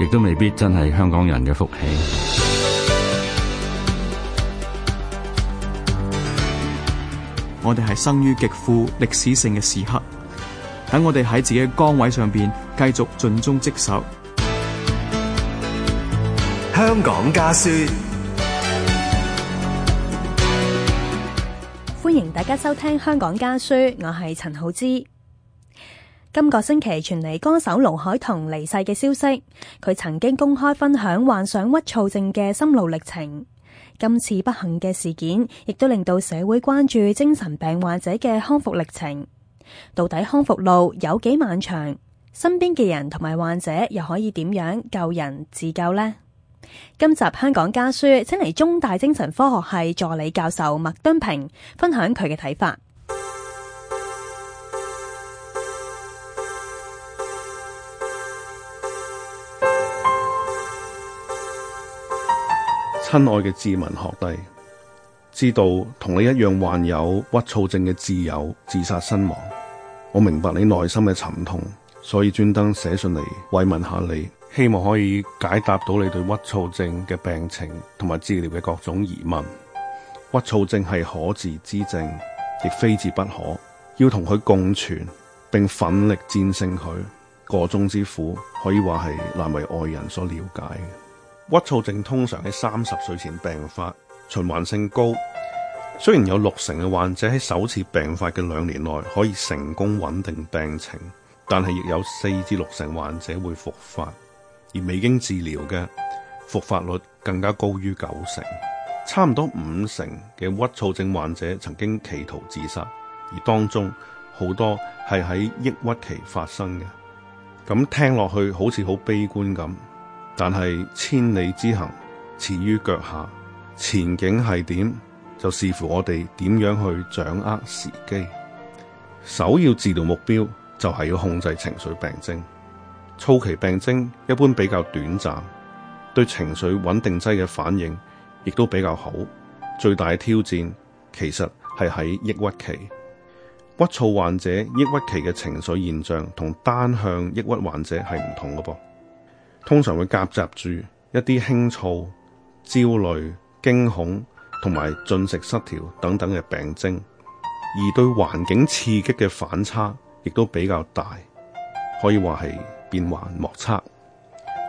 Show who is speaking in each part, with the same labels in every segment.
Speaker 1: 亦都未必真係香港人嘅福氣。我哋係生於極富歷史性嘅時刻，等我哋喺自己嘅崗位上面繼續盡忠職守。香港家書，
Speaker 2: 歡迎大家收聽《香港家書》，我係陳浩之。今個星期傳嚟歌手盧凱彤離世嘅消息，佢曾經公開分享患上鬱躁症嘅心路歷程。今次不幸嘅事件，亦都令到社會關注精神病患者嘅康復歷程。到底康復路有幾漫長？身邊嘅人同埋患者又可以點樣救人自救呢？今集《香港家書》請嚟中大精神科學系助理教授麥敦平分享佢嘅睇法。
Speaker 1: 親愛嘅志文學弟，知道同你一樣患有鬱躁症嘅摯友自殺身亡，我明白你內心嘅沉痛，所以專登寫信嚟慰問下你，希望可以解答到你對鬱躁症嘅病情同埋治療嘅各種疑問。鬱躁症係可治之症，亦非治不可，要同佢共存並奮力戰勝佢，個中之苦可以話係難為外人所了解。鬱躁症通常喺三十歲前病發，循環性高。雖然有六成嘅患者喺首次病發嘅兩年內可以成功穩定病情，但係亦有四至六成患者會復發，而未經治療嘅復發率更加高於九成。差唔多五成嘅鬱躁症患者曾經企圖自殺，而當中好多係喺抑鬱期發生嘅。咁聽落去好似好悲觀咁。但係千里之行，始於腳下。前景係點，就視乎我哋點樣去掌握時機。首要治療目標就係要控制情緒病徵。躁期病徵一般比較短暫，對情緒穩定劑嘅反應亦都比較好。最大嘅挑戰其實係喺抑鬱期。鬱躁患者抑鬱期嘅情緒現象同單向抑鬱患者係唔同嘅噃。通常會夾雜住一啲輕躁、焦慮、驚恐同埋進食失調等等嘅病徵，而對環境刺激嘅反差亦都比較大，可以話係變幻莫測。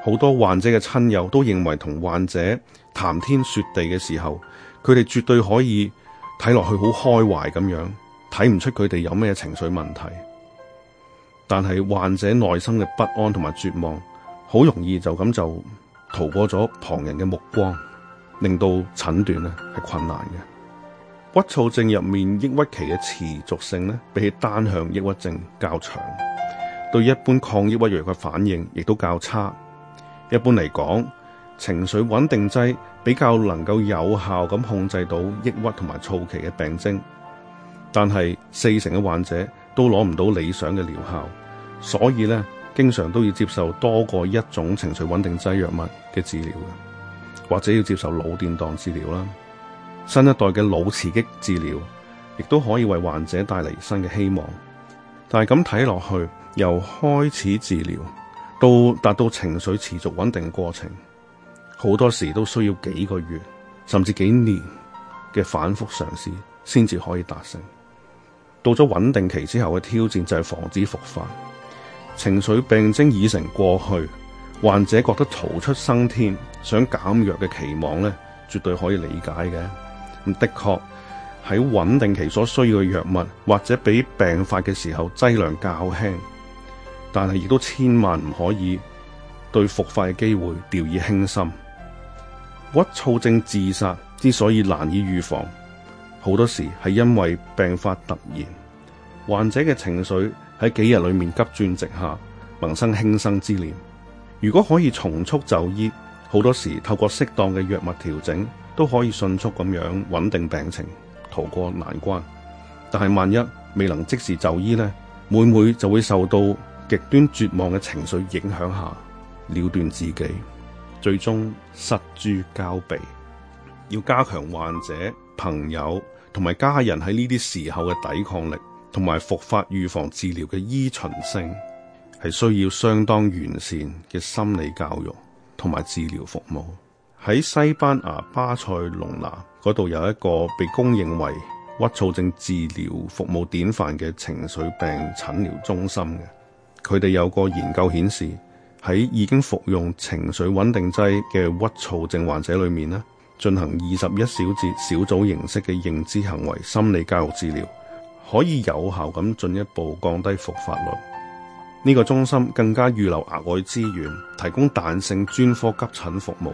Speaker 1: 好多患者嘅親友都認為同患者談天說地嘅時候，佢哋絕對可以睇落去好開懷咁樣，睇唔出佢哋有咩情緒問題。但係患者內心嘅不安同埋絕望。好容易就咁就逃過咗旁人嘅目光，令到診斷咧係困難嘅。鬱躁症入面，抑鬱期嘅持續性咧，比起單向抑鬱症較長。對一般抗抑鬱藥嘅反應亦都較差。一般嚟講，情緒穩定劑比較能夠有效咁控制到抑鬱同埋躁期嘅病徵，但係四成嘅患者都攞唔到理想嘅療效，所以咧，經常都要接受多過一種情緒穩定劑藥物嘅治療，或者要接受腦電盪治療啦。新一代嘅腦刺激治療亦都可以為患者帶嚟新嘅希望。但係咁睇落去，由開始治療到達到情緒持續穩定過程，好多時都需要幾個月甚至幾年嘅反復嘗試先至可以達成。到咗穩定期之後嘅挑戰就係防止復發。情緒病徵已成過去，患者覺得逃出生天，想減弱嘅期望咧，絕對可以理解嘅。咁的確喺穩定期所需要嘅藥物，或者比病發嘅時候劑量較輕，但係亦都千萬唔可以對復發嘅機會掉以輕心。鬱躁症自殺之所以難以預防，好多時係因為病發突然，患者嘅情緒，喺幾日裏面急轉直下，萌生輕生之念。如果可以從速就醫，好多時透過適當嘅藥物調整，都可以迅速咁樣穩定病情，逃過難關。但係萬一未能即時就醫呢，每每就會受到極端絕望嘅情緒影響下，了斷自己，最終失諸交臂。要加強患者、朋友同埋家人喺呢啲時候嘅抵抗力。同埋復發預防治療嘅依循性，係需要相當完善嘅心理教育同埋治療服務。喺西班牙巴塞隆拿嗰度有一個被公認為鬱躁症治療服務典範嘅情緒病診療中心嘅，佢哋有個研究顯示，喺已經服用情緒穩定劑嘅鬱躁症患者裏面咧，進行二十一小節小組形式嘅認知行為心理教育治療。可以有效咁進一步降低復發率。呢個中心更加預留額外資源，提供彈性專科急診服務。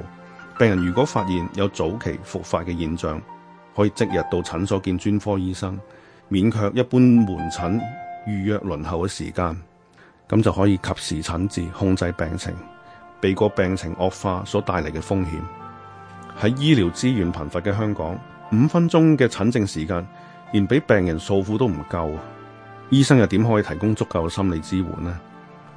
Speaker 1: 病人如果發現有早期復發嘅現象，可以即日到診所見專科醫生，免卻一般門診預約輪候嘅時間，咁就可以及時診治，控制病情，避過病情惡化所帶嚟嘅風險。喺醫療資源貧乏嘅香港，五分鐘嘅診症時間，連俾病人訴苦都唔夠，啊，醫生又點可以提供足夠嘅心理支援呢？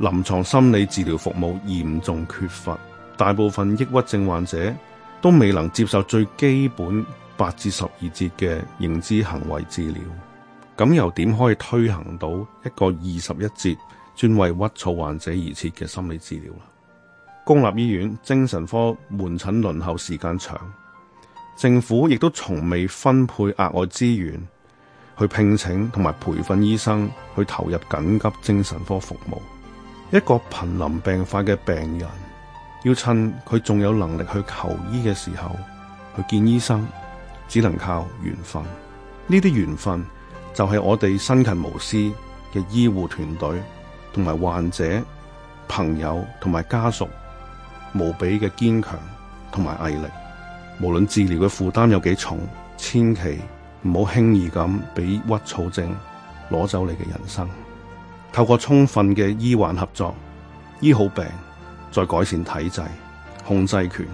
Speaker 1: 臨床心理治療服務嚴重缺乏，大部分抑鬱症患者都未能接受最基本八至十二節嘅認知行為治療，咁又點可以推行到一個二十一節專為鬱躁患者而設嘅心理治療啦？公立醫院精神科門診輪候時間長，政府亦都從未分配額外資源。去聘請同埋培訓醫生去投入緊急精神科服務。一個瀕臨病發嘅病人，要趁佢仲有能力去求醫嘅時候，去見醫生，只能靠緣分。呢啲緣分就係我哋辛勤無私嘅醫護團隊同埋患者朋友同埋家屬無比嘅堅強同埋毅力。無論治療嘅負擔有幾重，千祈。唔好輕易咁俾鬱躁症攞走你嘅人生。透過充分嘅醫患合作，醫好病，再改善體制，控制權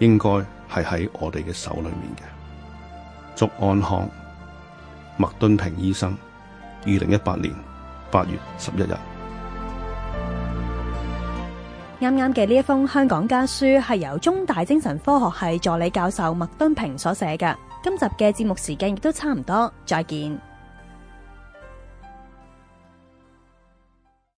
Speaker 1: 應該係喺我哋嘅手裏面嘅。祝安康，麥敦平醫生，二零一八年八月十一日。
Speaker 2: 啱啱嘅呢一封香港家書係由中大精神科學系助理教授麥敦平所寫嘅。今集嘅節目時間亦都差唔多，再見。